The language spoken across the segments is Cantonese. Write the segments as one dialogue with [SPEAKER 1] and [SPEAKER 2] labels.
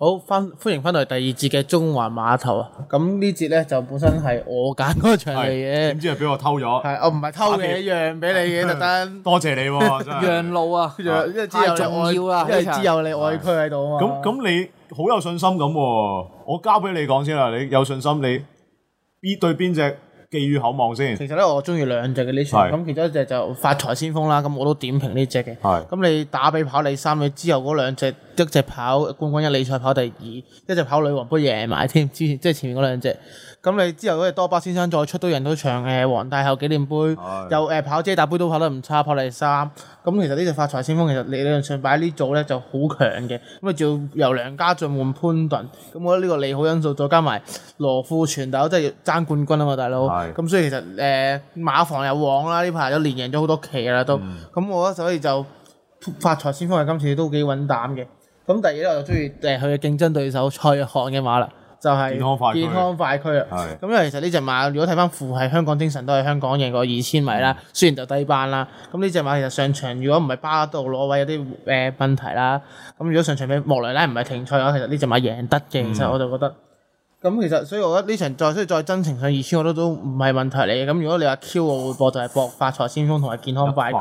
[SPEAKER 1] 好，翻歡迎翻到嚟第二節嘅縱橫馬投啊！咁呢節咧就本身係我揀嗰場嚟嘅，點知係俾我偷咗？係，我唔係偷嘅，一樣俾你嘅氣特登地。多
[SPEAKER 2] 謝你喎、啊，真係 讓
[SPEAKER 1] 路啊！讓啊太重要啦、啊，因為只有
[SPEAKER 2] 你愛區喺度啊嘛。咁咁你好有信心咁喎，我交俾你講先啦。你有信心，你 B 對邊隻寄予厚望先？其實咧，我中意兩隻嘅呢
[SPEAKER 1] 場，咁是其中一隻就發財先鋒啦。咁我都點評呢隻嘅，咁是你打俾跑你三，你之後嗰兩隻？一隻跑冠軍一，理賽跑第二，一隻跑女王杯贏埋添。之前、嗯、即係前面嗰兩隻，咁你之後嗰隻多巴先生再出到贏到場嘅皇太后紀念杯，是 又誒、呃、跑遮打杯都跑得唔差，跑第三。咁其實呢隻發財先鋒其實理論上擺呢組咧就好強嘅。咁啊仲要由梁家俊換潘頓，咁我覺得呢個利好因素再加埋羅富全大佬真係爭冠軍啊嘛，大佬。咁是 所以其實誒、呃、馬房又旺啦，呢排都連贏咗好多期啦都。咁、嗯、我覺得所以就發財先鋒喺今次都幾穩膽嘅。咁第二咧，我就中意誒佢嘅競爭對手蔡漢嘅馬啦，就係、是、健康快區啦。咁的因為其實呢隻馬，如果睇翻符係香港精神，都係香港贏過二千米啦。嗯、雖然就低班啦，咁呢隻馬其實上場，如果唔係巴度攞位有啲誒問題啦，咁如果上場俾莫雷拉唔係停賽嘅話，其實呢隻馬贏得嘅，其實、嗯、我就覺得。咁其實，所以我覺得呢場再，所以再真情上二千，我覺得都唔係問題嚟嘅。咁如果你話 Q，我會播就係博發財先鋒同埋健康擺區，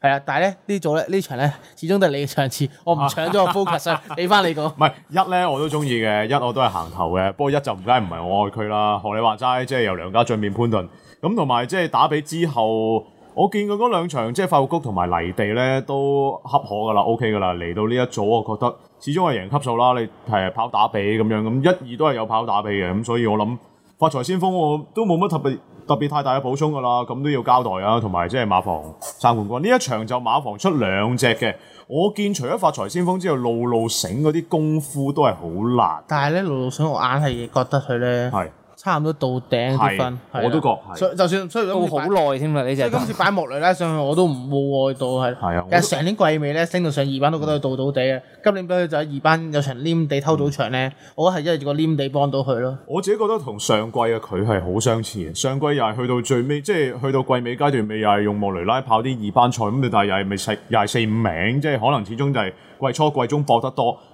[SPEAKER 1] 係啊。但係咧呢組咧呢場咧，始終都係你嘅場次，我唔搶咗個 focus，俾翻你講。
[SPEAKER 2] 唔係一咧我都中意嘅，一我都係行頭嘅。不過一就唔該唔係我愛佢啦。學你話齋，即係由梁家俊變潘頓咁，同埋即係打俾之後。我見過嗰兩場，即係發育谷同埋泥地咧都恰可噶啦，OK 噶啦。嚟到呢一組，我覺得始終係贏級數啦。你係跑打比咁樣咁，一、二都係有跑打比嘅。咁所以我諗發財先鋒我都冇乜特別特別太大嘅補充噶啦。咁都要交代啊，同埋即係馬房三冠軍呢一場就馬房出兩隻嘅。我見除咗發財先鋒之後，露露醒嗰啲功夫都係好難。但係咧，露露醒我硬係覺得
[SPEAKER 1] 佢咧係。差唔多到頂的的得分，我都覺係。所以就算雖然都好耐先啦，呢隻今次擺、嗯、莫雷拉上去我，我都唔冇外到係。係啊的，但係成年季尾咧，也升到上二班都覺得係到到地嘅。的今年畀佢就喺二班有場黏地偷到場咧，嗯、我係因為個黏地幫到佢咯。
[SPEAKER 2] 我自己覺得同上季嘅佢係好相似。上季又係去到最尾，即係去到季尾階段，咪又係用莫雷拉跑啲二班賽咁，但係又係咪四又係四,四五名，即係可能始終就係季初季中搏得多。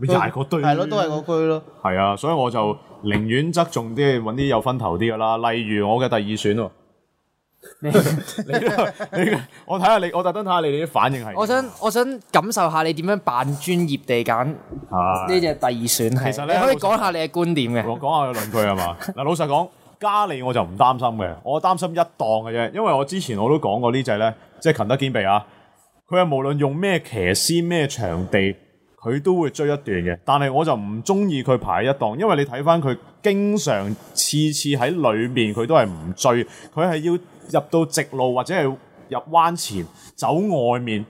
[SPEAKER 2] 咪就係個堆，係咯，都係個區咯。係啊，所以我就寧願側重啲，搵啲有分頭啲噶啦。例如我嘅第二選， 你你我睇下你，我特登睇下你啲反應係。我
[SPEAKER 3] 想，我想感受下你點樣扮專業地揀呢隻第二選。的其實你可以講下你
[SPEAKER 2] 嘅觀點嘅。我講下個論據係嘛？嗱， 老實講，加利我就唔擔心嘅，我擔心一檔嘅啫。因為我之前我都講過呢隻咧，即係勤德兼備啊。佢係無論用咩騎師，咩場地。佢都會追一段嘅，但係我就唔中意佢排一檔，因為你睇翻佢經常次次喺裏面佢都係唔追，佢係要入到直路或者係入彎前走外面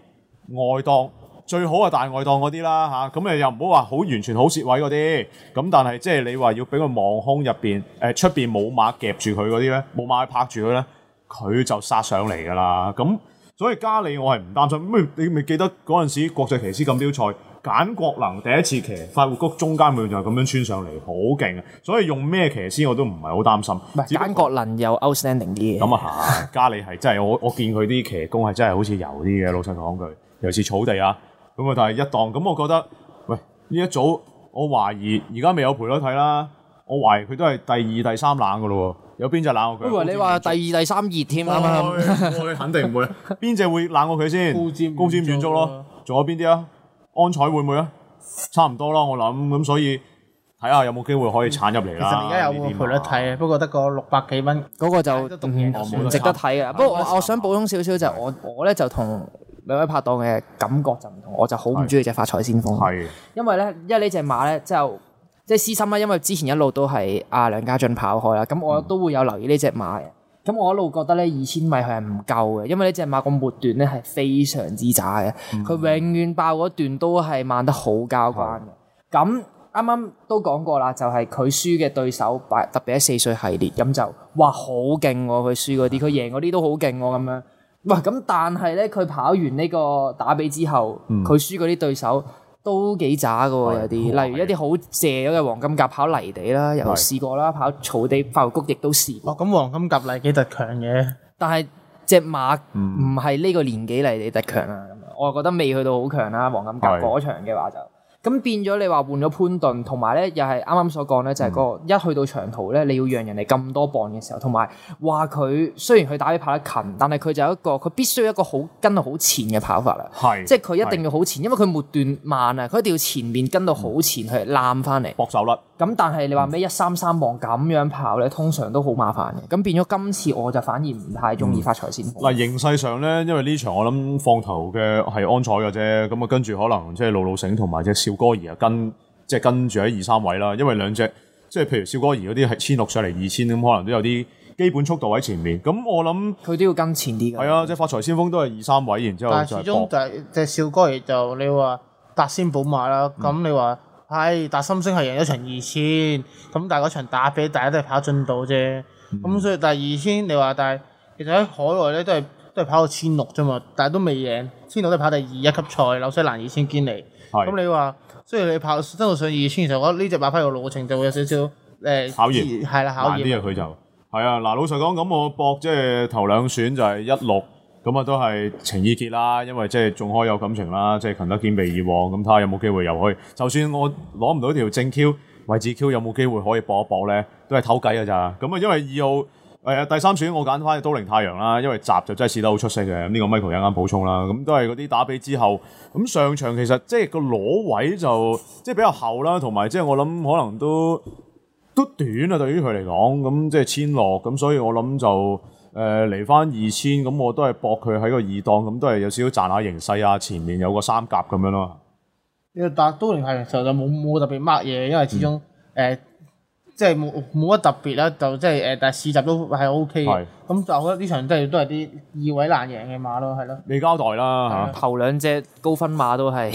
[SPEAKER 2] 外檔，最好係大外檔嗰啲啦嚇，咁、啊、你又唔好話好完全好蝕位嗰啲，咁但係即係你話要俾佢望空入邊誒出邊冇馬夾住佢嗰啲呢，冇馬拍住佢呢，佢就殺上嚟㗎啦咁。所以加里我係唔擔心咩？你咪記得嗰陣時國際騎師錦標賽簡國能第一次騎快活谷中間佢就係咁樣穿上嚟，好勁啊！所以用咩騎師我都唔係好擔心。不簡國能又 outstanding 啲。咁啊吓， 加里係真係我我見佢啲騎工係真係好似柔啲嘅，老實講句，尤其是草地啊。咁啊，但係一檔咁，我覺得喂，呢一組，我懷疑而家未有賠率睇啦，我懷疑佢都係第二、第三冷噶咯。有邊隻冷過佢？我以為你話第二、第三熱添啊！唔 肯定唔會。邊隻會冷過佢先？高尖高尖短足咯。仲有邊啲啊？安彩會唔會啊？差唔多啦，我諗咁，所以睇下有冇機會可以鏟入嚟啦。其實而家有個賠率睇，不過得個六百幾蚊，嗰個就
[SPEAKER 3] 唔值得睇啊。不過我我想補充少少就我我咧就同兩位拍檔嘅感覺就唔同，我就好唔中意隻發財先鋒的，因為咧，因為呢隻馬咧就。即係私心啦，因為之前一路都係阿梁家俊跑開啦，咁我都會有留意呢隻馬嘅，咁、嗯、我一路覺得呢二千米佢係唔夠嘅，因為呢隻馬個末段呢係非常之渣嘅，佢、嗯、永遠爆嗰段都係慢得好交關嘅。咁啱啱都講過啦，就係佢輸嘅對手，特別係四歲系列，咁就哇好勁喎，佢輸嗰啲，佢贏嗰啲都好勁喎，咁樣。哇，咁但係呢，佢跑完呢個打比之後，佢輸嗰啲對手。嗯嗯都幾渣嘅喎，有啲是，例如一啲好謝咗嘅黃金甲跑泥地啦，是又試過啦，跑草地、花園谷亦都試過。哦，咁黃金甲泥地幾特強嘅，但係隻馬唔係呢個年紀泥地特強啦，咁我覺得未是去到好強啦。黃金甲嗰場嘅話就。咁變咗你話換咗潘頓，同埋咧又係啱啱所講咧、那個，就個、嗯、一去到長途咧，你要讓人哋咁多磅嘅時候，同埋話佢雖然佢打起跑得勤，但係佢就有一個佢必須一個好跟到好前嘅跑法啦。係，是 即係佢一定要好前，是 因為佢末段慢啊，佢一定要前面跟到好前去攬翻嚟搏手率。咁但係你話咩一三三望咁樣跑咧，通常都好麻煩嘅。咁變咗今次我就反而唔太中意發財先鋒。
[SPEAKER 2] 嗱、嗯、形勢上咧，因為呢場我諗放頭嘅係安彩嘅啫。咁啊跟住可能即係路路繩同埋隻少歌兒啊跟即係跟住喺二三位啦。因為兩隻即係譬如少歌兒嗰啲係千六上嚟二千咁，可能都有啲基本速度喺前面。咁我諗佢都要跟前啲嘅。係、嗯、啊，即係發財先鋒都係二三位，然之後但係始終就
[SPEAKER 1] 隻、嗯、少歌兒就你話達仙寶馬啦。咁你話？係、哎，但係三星係贏咗場二千，咁但係嗰場打比大家都係跑進度啫。咁、嗯、所以第二千你話，但係其實喺海外咧都係都係跑到千六啫嘛，但係都未贏。千六都係跑第二一級賽紐西蘭二千堅尼。咁是你話，雖然你跑到上二千，其實我覺得呢隻馬匹嘅路程就會有少少誒、呃、考驗，係啦考驗啲啊
[SPEAKER 2] 佢就係啊嗱，老實講咁我搏，即係頭兩選就係一六。咁啊，都係情意結啦，因為即係仲可有感情啦，即、就、係、是、勤得兼備以往。咁睇下有冇機會入去。就算我攞唔到條正 Q，位置 Q 有冇機會可以搏一搏咧，都係偷雞嘅咋。咁啊，因為二號誒、呃、第三選，我揀翻都靈太陽啦，因為閘就真係試得好出色嘅。呢、這個 Michael 有啱補充啦。咁、嗯、都係嗰啲打比之後，咁、嗯、上場其實即係個攞位就即係比較後啦，同埋即係我諗可能都都短啊，對於佢嚟講，咁、嗯、即係千落，咁所以我諗就。誒嚟翻二千咁，呃、2000，我都係搏佢喺個二檔，咁都係有少少賺下形勢啊！前面有個三甲咁樣咯，啊。
[SPEAKER 1] 因為但都係，其實就就冇冇特別乜嘢，因為始終誒。即係冇冇乜特別啦，就即係誒，但係試閘都係 O K 嘅。咁就覺得呢場都係都係啲易位難贏嘅馬咯，係咯。
[SPEAKER 2] 未交代啦嚇。頭兩隻
[SPEAKER 3] 高分馬都係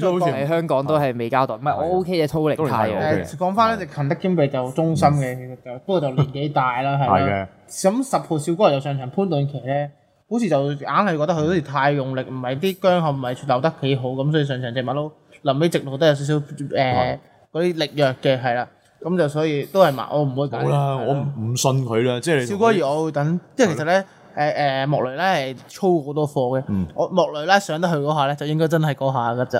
[SPEAKER 3] 喺香港都係未交代，唔係我 O K 嘅。粗力派嘅。
[SPEAKER 1] 講翻呢隻肯德堅比就忠心嘅，其實就不過就年紀大啦，係啦。咁十號少哥就上場潘頓騎咧，好似就硬係覺得佢好似太用力，唔係啲僵硬，唔係留得幾好咁，所以上場隻馬都臨尾直路都有少少誒嗰啲力弱嘅係啦。咁就所以都係嘛，我唔會講。好啦，我唔
[SPEAKER 2] 信佢啦，即係。少哥而我
[SPEAKER 1] 會等，即係其實咧，誒誒莫雷咧係操好多貨嘅。我莫雷咧上得去嗰下咧，就應該真係嗰下嘅就，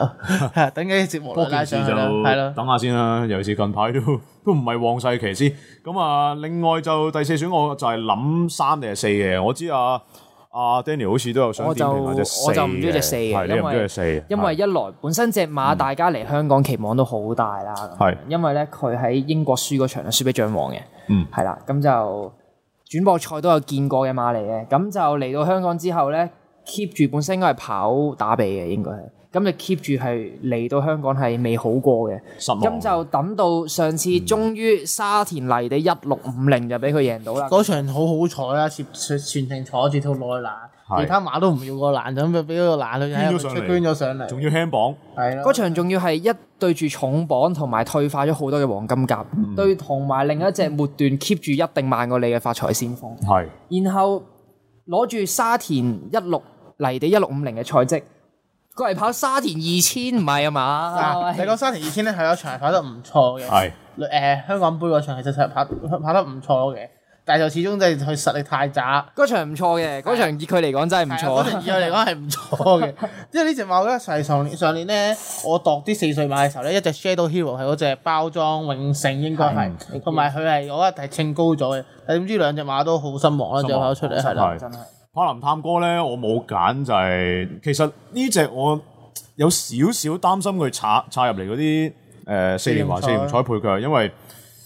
[SPEAKER 1] 係等緊啲節目拉上啦。係咯，
[SPEAKER 2] 等下先啦。尤其是近排都都唔係旺勢期先。咁啊，另外就第四選我就係諗三定係四嘅。我知啊。啊，Daniel 好似都有上。我就四嘅，你唔中意隻四嘅，因
[SPEAKER 3] 為一來本身隻馬大家嚟香港期望都好大啦，係的，因為咧佢喺英國輸嗰場，輸俾將王嘅，嗯的，係啦，咁就轉播賽都有見過嘅馬嚟嘅，咁就嚟到香港之後咧。keep 住本身應該係跑打吡嘅，應該係咁就 keep 住係嚟到香港係未好過嘅。咁就等到上次終於沙田泥地一六五零就俾佢贏到啦。嗰場好好彩啦，全程坐住套內欄，其他馬都唔要個欄，咁就俾咗個欄，就捐咗上嚟。仲要輕磅。係咯，嗰場仲要係一對住重磅同埋退化咗好多嘅黃金甲，對同埋另一隻末段 keep 住一定慢過你嘅發財先鋒。係，然後。攞住沙田一六泥地一六五零嘅賽績，
[SPEAKER 1] 過嚟跑沙田二千唔係啊嘛？你講 沙田二千咧，係有一場係跑得唔錯嘅，香港杯嗰場其實係跑，跑得唔錯嘅。但就始終就係佢實力太
[SPEAKER 3] 渣。嗰場唔錯嘅，嗰場以佢嚟講真
[SPEAKER 1] 係唔錯。嗰場以佢嚟講係唔錯嘅，即係呢隻馬咧，上上上年咧，我度啲四歲馬嘅時候咧，一隻 Shadow Hero 係嗰隻包裝永勝應該係，同埋佢係我覺得係稱高咗嘅。但點知兩隻馬都好失望啦，最後望跑出嚟係的真係。
[SPEAKER 2] 柏林探戈咧，我冇揀就係，是，其實呢隻我有少少擔心佢插插入嚟嗰啲誒四年華四年彩配腳，因為。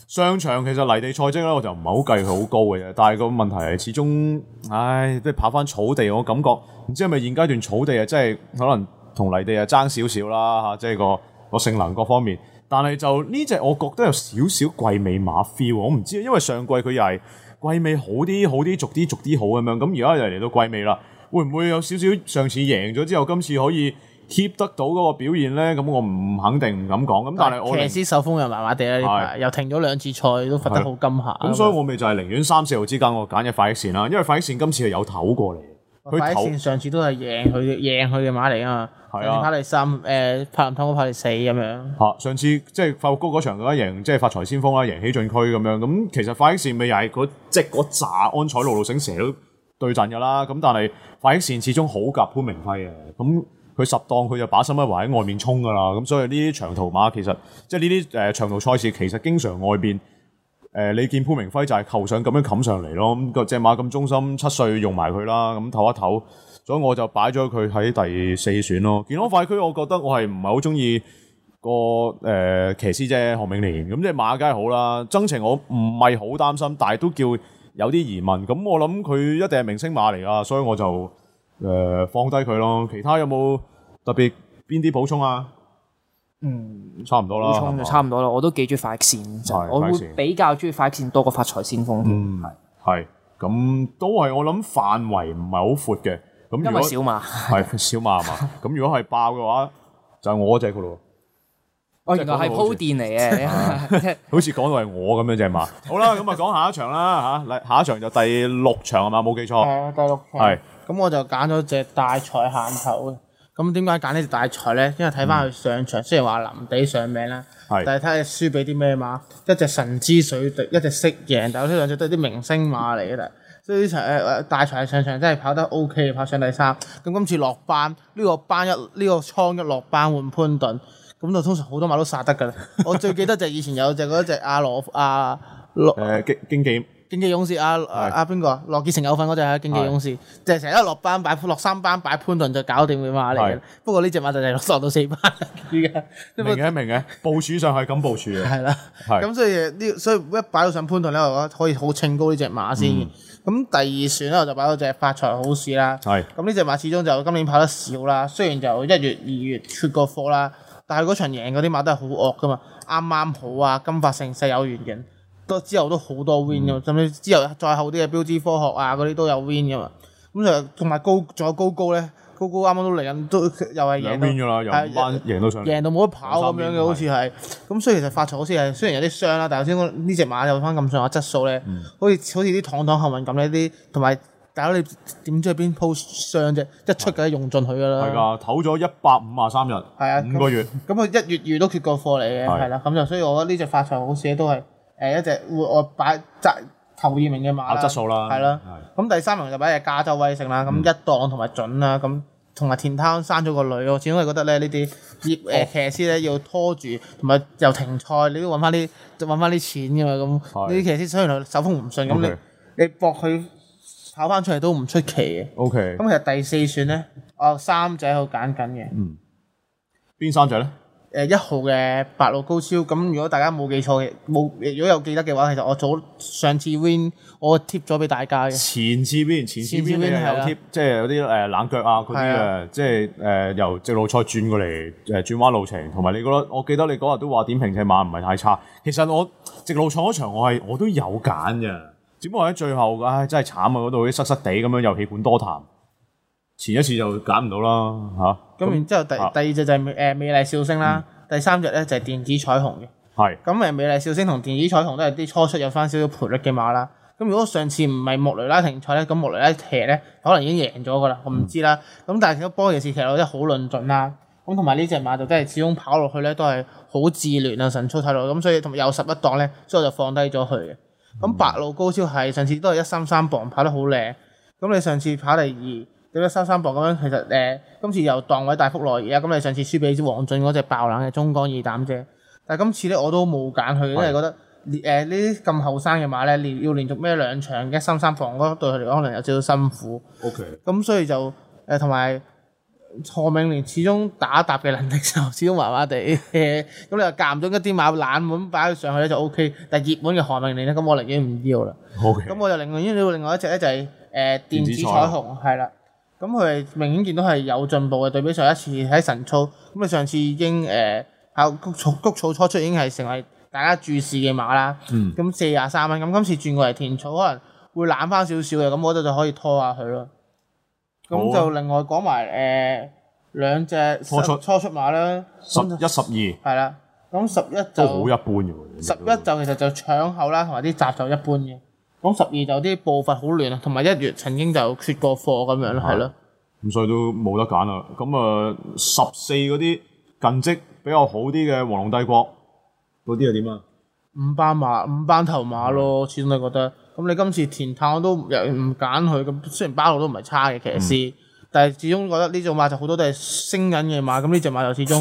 [SPEAKER 2] 商場其實泥地賽績咧，我就唔係好計佢好高嘅啫。但係個問題係始終，唉，即係爬翻草地，我感覺唔知係咪現階段草地啊，即係可能同泥地啊爭少少啦嚇。即係個個性能各方面，但係就呢隻我覺得有少少季尾馬 feel。我唔知，因為上季佢又係季尾好啲，好啲逐啲逐啲好咁樣。咁而家又嚟到季尾啦，會唔會有少少上次贏咗之後，今次可以 keep 得到嗰個表現咧，咁我唔肯定，唔敢講。咁但係我騎師手風又麻麻地啦，的又停咗兩次賽，都罰得好緊下。咁的所以我咪就係寧願三四號之間我揀隻快益線啦，因為快益線今次係有頭過嚟。快翼線
[SPEAKER 1] 上次都係贏佢贏佢嘅馬嚟啊嘛，跑第三誒跑唔通，跑第四咁樣。
[SPEAKER 2] 嚇！上次即係快活谷嗰場嗰啲贏即係發財先鋒啦，贏起進區咁樣。咁其實快翼線咪又係嗰即係嗰紮安彩路路醒成日都對陣㗎啦。咁但係快翼線始終好夾潘明輝啊。咁佢十檔佢就把心一橫喺外面衝㗎啦，咁所以呢啲長途馬其實即係呢啲誒長途賽事其實經常外邊誒、呃，你見潘明輝就係扣上咁樣冚上嚟咯，咁個隻馬咁忠心，七歲用埋佢啦，咁唞一唞，所以我就擺咗佢喺第四選咯。健康快區，我覺得我係唔係好中意個誒、呃、騎師啫，何銘廉咁即係馬皆好啦。曾情我唔係好擔心，但係都叫有啲疑問。咁我諗佢一定係明星馬嚟㗎，所以我就。誒，放低佢咯，其他有冇特別邊啲補充啊？嗯，差唔多啦，補充就差唔多啦。我都幾中意快綫，我會比較中意快綫多過發財先鋒。嗯，係，係，咁都係我諗範圍唔係好闊嘅。咁因為小馬係小馬啊嘛。咁如果係爆嘅話，就係我隻噶咯。哦，原來係鋪墊嚟嘅，好似講到係我咁樣隻嘛。好啦，咁啊講下一場啦吓，嚟下一場就第六場係嘛，冇記錯係
[SPEAKER 1] 第六場係。咁我就揀咗隻大才限頭嘅。咁點解揀呢隻大才咧？因為睇翻佢上場，嗯、雖然話林地上名啦，是但係睇下佢輸俾啲咩馬，一隻神之水滴，一隻色贏，但係呢兩隻都係啲明星馬嚟嘅啦。所以呢、呃、大才上場真係跑得 OK，跑上第三。咁今次落班，呢、呢個班一呢、呢個倉一落班換潘頓，咁就通常好多馬都殺得㗎啦。 我最記得就係以前有隻嗰隻阿羅阿羅。誒、啊啊啊啊、經經競技勇士啊啊邊個啊？羅、啊、杰、啊、城有份嗰隻係競技勇士，就係成日都落班擺落三班擺潘頓，就搞掂隻馬嚟嘅。是的 不過呢隻馬就係落到四班依家。明嘅呵明嘅，部署上係咁部署嘅。係啦的，係的。咁所以呢，所以，所以，所以一擺到上潘頓咧，我覺得可以好稱高呢隻馬先。咁、嗯、第二選咧，我就擺到隻發財好市啦。係。咁呢隻馬始終就今年跑得少啦。雖然就一月、二月脫過貨啦，但係嗰場贏嗰啲馬都係好惡噶嘛。啱啱好啊，金發盛世、有遠景。都之後都好多 win 噶，甚至之後再後啲嘅標誌科學啊嗰啲都有 win 噶嘛。咁就同埋高，仲有高高咧，高高啱啱都嚟緊，都又係贏到，係贏到上，贏到冇得跑咁樣嘅，好似係。咁所以其實發財好似係雖然有啲傷啦，但係頭先講呢隻馬有翻咁上下質素咧，好似好似啲糖糖幸運咁呢啲。同埋大佬你點知去邊鋪傷啫？一出嘅用盡佢噶啦。係啊，
[SPEAKER 2] 唞咗一百五啊三日，啊，
[SPEAKER 1] 五個月。咁佢一月月都缺過
[SPEAKER 2] 貨嚟嘅，係啦。
[SPEAKER 1] 咁就所以我覺得呢隻發財好似都係。誒、欸、一隻我我擺質頭二名嘅馬啦，係啦的，咁的第三名就擺隻加州威城啦，咁、嗯、一檔同埋準啦，咁同埋田坑生咗個女喎，我始終係覺得咧呢啲業誒騎師咧要拖住，同埋又停賽，你都揾翻啲揾翻啲錢嘅嘛，咁呢啲騎師雖然手風唔順，咁你你搏佢跑翻出嚟都唔出奇嘅。O K，咁其實第四選咧，我有三隻喺度揀緊嘅。嗯，邊三隻咧？誒一號嘅白路高超，咁如果大家冇記錯嘅，冇如果有記得嘅話，其實我早上次 win 我 tip 咗俾大家嘅。前
[SPEAKER 2] 次 win 前次 win 係有 tip 的即係有啲誒冷腳啊嗰啲啊，的即係誒、呃、由直路賽轉過嚟誒轉彎路程，同埋你覺得，我記得你嗰日都話點評騎馬唔係太差。其實我直路賽嗰場我係我都有揀嘅，只不過喺最後，唉真係慘啊！嗰度啲濕濕地咁樣，有氣管多痰。前一次就揀唔到啦嚇，咁、啊、然之後
[SPEAKER 1] 第第二隻就係誒美麗笑聲啦，嗯、第三隻咧就係電子彩虹嘅。係、嗯。咁誒美麗笑聲同電子彩虹都係啲初出有翻少少賠率嘅馬啦。咁如果上次唔係莫雷拉停賽咧，咁莫雷拉騎咧可能已經贏咗噶啦，我唔知啦。咁、嗯、但係個波嘅事騎落咧好論盡啦。咁同埋呢隻馬就真係始終跑落去咧都係好自亂啊神操睇落，咁所以同埋有十一檔咧，所以我就放低咗佢嘅。咁白路高超係上次都係一三三磅跑得好靚。咁你上次跑第二。對一三三房咁樣，其實誒、呃，今次由檔位大幅落而家。咁、嗯、你上次輸俾黃俊嗰隻爆冷嘅中江二膽啫。但係今次咧，我都冇揀佢，因為覺得連是的、呃、呢啲咁後生嘅馬咧，連要連續孭兩場一三三房，嗰對佢嚟講，可能有少少辛苦。O Okay . K、嗯。咁所以就誒同埋何明連始終打搭嘅能力就始終麻麻地嘅。咁、嗯、你、嗯嗯嗯、又夾唔中一啲馬冷門擺佢上去咧就 O、OK, K，但係熱門嘅何明連咧，咁、嗯、我寧願唔要啦。O Okay . K、嗯。咁我就寧願要另外一隻咧就係、是、誒、呃、電子彩虹，係啦。咁佢係明顯見到係有進步嘅，對比上一次喺神操，咁佢上次已經誒、呃，谷草初出已經係成為大家注視嘅馬啦。咁四廿三蚊，咁今次轉過嚟田草可能會攬翻少少嘅，咁我度就可以拖下佢咯。咁、啊、就另外講埋誒兩隻初出初出馬啦。
[SPEAKER 2] 十一十二。係啦，咁十一就都好一般嘅。十一
[SPEAKER 1] 就其實就搶口啦，同埋啲閘就一般嘅。講十二就啲步伐好亂啊，同埋一月
[SPEAKER 2] 曾經就缺過貨咁樣咯，係咯。咁所以都冇得揀啦。咁啊，十四嗰啲近績比較好啲嘅黃龍帝國嗰啲又點啊？
[SPEAKER 1] 五班馬、五班頭馬咯，始終都覺得。咁你今次田炭我都又唔揀佢，咁雖然包路都唔係差嘅騎師，但係始終覺得呢隻馬就好多都係升緊嘅馬，咁呢隻馬就始終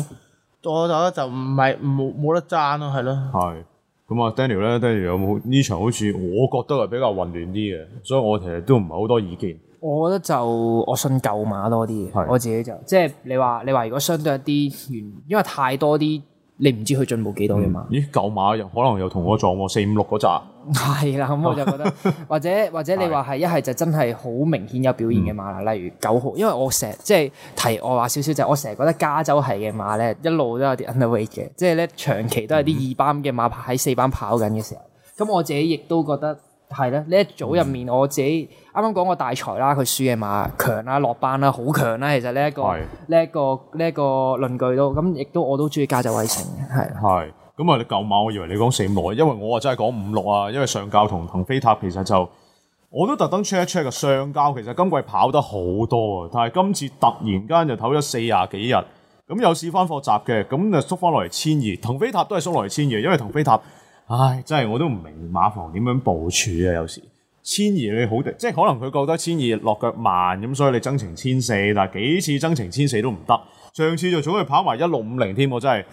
[SPEAKER 1] 我就覺得就唔係冇冇得爭咯，係咯。
[SPEAKER 2] 係。咁啊，Daniel 咧，Daniel 有冇呢場，好似我覺得係比較混亂啲嘅，所以我其實都唔係好多意見。
[SPEAKER 3] 我覺得就我信舊馬多啲，是我自己就即係你話你話如果相對一啲，因為太多啲。你唔知佢進步幾多嘅嘛、嗯？咦，舊馬又可能又
[SPEAKER 2] 同我撞喎，四五六嗰扎。
[SPEAKER 3] 係啦，咁我就覺得， 或者或者你話係一係就真係好明顯有表現嘅馬啦，嗯、例如九號，因為我成日即係題外話少少就，我成日覺得加州係嘅馬咧，一路都有啲 underweight 嘅，即係咧長期都係啲二班嘅馬喺四班跑緊嘅時候，咁、嗯、我自己亦都覺得。係咧，呢一組入面我自己啱啱講過大財啦，佢輸嘅馬強啊，落班啦，好強啦，其實呢一個呢一個呢一個論據都咁，亦都我都中意駕駛魏城嘅，
[SPEAKER 2] 係。係，咁啊，你舊馬，我以為你講四五六，因為我啊真係講五六啊，因為上交同騰飛塔其實就我都特登 check 一 check 啊，上交其實今季跑得好多啊，但係今次突然間就唞咗四廿幾日，咁有時翻貨集嘅，咁就縮翻落嚟千二，騰飛塔都係縮落嚟千二，因為騰飛塔。唉，真係我都唔明馬房點樣部署啊！有時千二你好，即係可能佢覺得千二落腳慢咁，所以你增程千四，但係幾次增程千四都唔得。上次就早佢跑埋一六五零添，我真係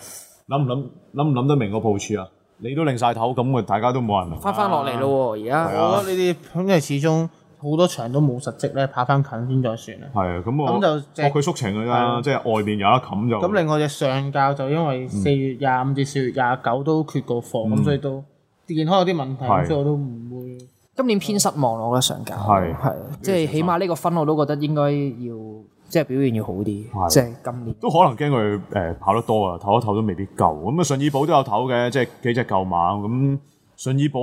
[SPEAKER 2] 諗唔諗諗唔諗得明個部署啊！你都擰晒頭，咁啊大家都冇人明、啊，翻翻落嚟咯喎！而家我覺得呢
[SPEAKER 1] 啲，因為、啊、始終。好多場都冇實績咧，跑翻近先再算啊。
[SPEAKER 2] 係啊，咁啊，咁就係佢縮程㗎啦，的即係外邊有得冚就。咁
[SPEAKER 1] 另外隻上教就因為四月廿五至四月廿九都缺過課，咁、嗯、所以
[SPEAKER 3] 都健康有啲問題，的所以我都唔會。今年偏失望咯，我覺得上
[SPEAKER 2] 教。係係。即
[SPEAKER 3] 係起碼呢個分我都覺得應該要，即、就、係、
[SPEAKER 2] 是、表現要好啲。係即係今年。都可能驚佢誒跑得多啊！唞一唞都未必夠。咁啊，順義寶都有唞嘅，即係幾隻舊馬咁。順義寶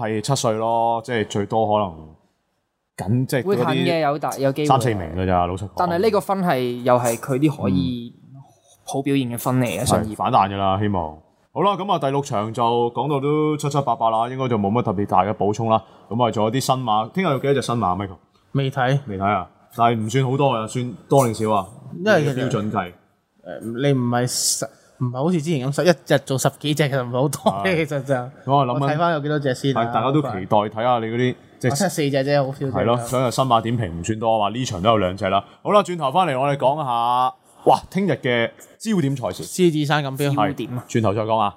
[SPEAKER 2] 係七歲咯，即係最多可能。緊即係會行嘅些有大有機會三四名嘅咋，老實講，
[SPEAKER 3] 但係呢個分係又係佢
[SPEAKER 2] 啲可以好表現嘅分嚟嘅，上而是反彈嘅啦，希望。好啦，咁啊第六場就講到都七七八八啦，應該就冇乜特別大嘅補充啦。咁啊仲有啲新馬，聽日有幾多隻新馬 Michael 未睇，未睇看啊？但係唔算好多啊，算多定少啊？因為標準計，誒
[SPEAKER 1] 你唔係實。唔係好似之前咁十一日做十幾隻，其實唔係好多嘅，的其實就
[SPEAKER 2] 我諗睇翻有幾多隻先，啊。的乖大家都期待睇下你嗰啲即係四隻啫，好少隻。係咯，的所以新馬點評唔算多啊嘛。呢場都有兩隻啦。好啦，轉頭翻嚟我哋講下，哇，聽日嘅焦點賽事，獅子山咁的焦點啊！轉頭再講啊。